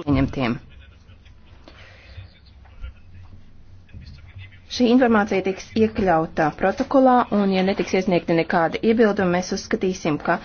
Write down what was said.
ieņemtiem. Šī informācija tiks iekļautā protokolā, un ja netiks iesniegti nekādi iebildumi, mēs uzskatīsim, ka